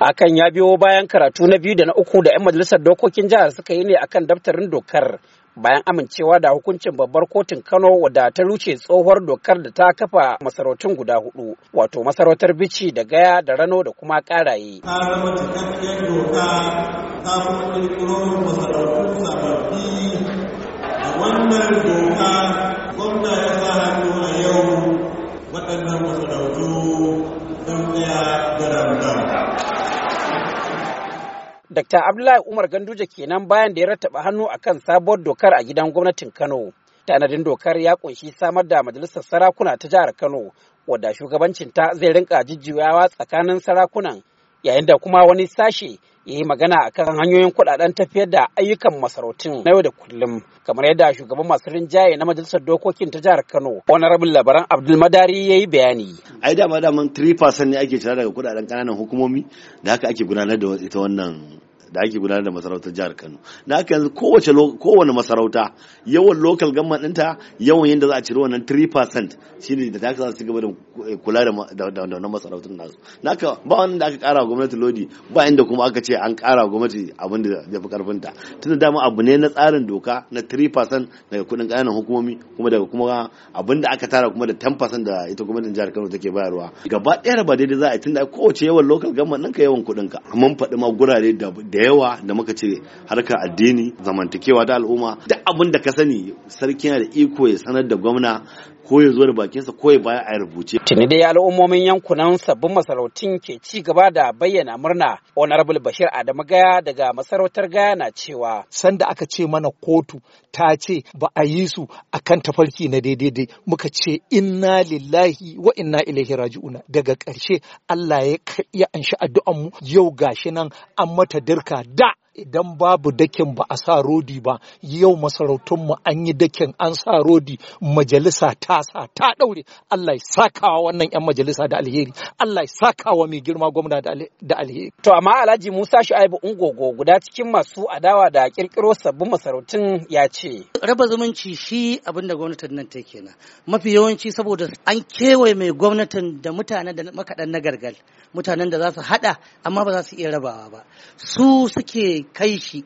akan ya biyo bayan karatu na biyu da na uku da 'yan majalisar dokokin jihar suka yi ne akan daftarin dokar bayan amincewa da hukuncin babbar kotun Kano wadda ta ruce tsohuwar dokar da ta kafa masarautun guda hudu wato masarautar bici da gaya da rano da kuma karaye. waɗannan masarautu don ɗaya da Dr. Abdullahi Umar Ganduje kenan bayan da ya rattaba hannu akan sabuwar dokar a gidan gwamnatin Kano. Tanadin dokar ya kunshi samar da majalisar sarakuna ta jihar Kano wadda shugabancinta zai rinka jijjiyawa tsakanin sarakunan yayin da kuma wani sashe ya yi magana akan hanyoyin kudaden tafiyar da ayyukan masarautun na yau da kullum kamar yadda shugaban masu rinjaye na majalisar dokokin ta jihar Kano honorable labaran Abdulmadari ya yi bayani. Ai da madaman 3% ne ake cira daga kudaden kananan hukumomi da haka ake gudanar da ita wannan da ake gudanar da masarautar jihar Kano na aka yanzu kowace kowane masarauta yawan local government ɗinta yawan yadda za a ciro wannan 3% shine da ta za su gaba da kula da da wannan masarautun nasu na ka ba da aka ƙara gwamnati lodi ba inda kuma aka ce an ƙara gwamnati abin da ya fi karfin ta tunda dama abu ne na tsarin doka na 3% daga kuɗin ƙananan hukumomi kuma daga kuma abin da aka tara kuma da 10% da ita gwamnatin jihar Kano take bayarwa gaba ɗaya ba daidai za a yi tunda kowace yawan local government ɗinka yawan kuɗinka mun faɗi ma gurare da yawa da muka ce harkar addini zamantakewa da al'umma duk abin da ka sani sarki yana da iko ya sanar da gwamna ko ya zo da bakinsa ko ya baya a rubuce. Tuni dai al'ummomin yankunan sabbin masarautun ke ci gaba da bayyana murna. Honorable Bashir Adamu Gaya daga masarautar Gaya na cewa. Sanda aka ce mana kotu ta ce ba a yi su akan tafarki na daidai muka ce inna lillahi wa inna ilaihi raji'una daga ƙarshe Allah ya anshi addu'an mu yau gashi nan an mata dirka da idan babu dakin ba a sa rodi ba yau masarautunmu an yi dakin an sa rodi majalisa ta sa ta daure Allah ya sakawa wannan yan majalisa da alheri Allah ya sakawa mai girma gwamna da alheri to amma Alhaji Musa Shu'aibu Ungogo guda cikin masu adawa da kirkiro sabbin masarautun ya ce raba zumunci shi abin da gwamnatin nan take kenan mafi yawanci saboda an kewaye mai gwamnatin da mutanen da makaɗan na gargal mutanen da za su hada amma ba za su iya rabawa ba su suke zai kai shi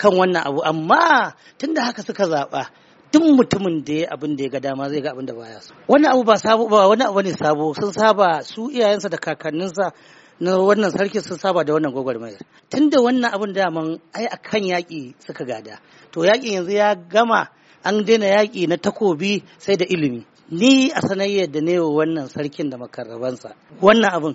kan wannan abu amma tunda haka suka zaɓa duk mutumin da ya abin da ya ga dama zai ga abin da baya so wannan abu ba sabo ba wani abu ne sabo sun saba su iyayensa da kakanninsa na wannan sarki sun saba da wannan gwagwarmayar tunda wannan abin man ai akan yaƙi suka gada to yaƙin yanzu ya gama an daina yaƙi na takobi sai da ilimi ni a sanayyar da ne wannan sarkin da makarrabansa wannan abin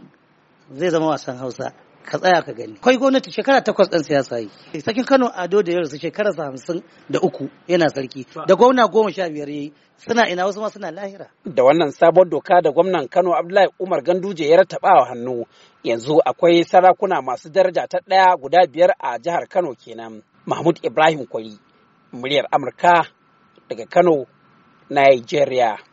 zai zama wasan hausa ka tsaya ka gani kwai gwamnati shekara takwas ɗin siyasa yi sakin kano ado da yarsu shekara hamsin da uku yana sarki da gwamna goma sha biyar yayi suna ina wasu ma suna lahira da wannan sabon doka da gwamnan kano abdullahi umar ganduje ya wa hannu yanzu akwai sarakuna masu daraja ta ɗaya guda biyar a jihar kano kenan mahmud ibrahim kwari muryar amurka daga kano nigeria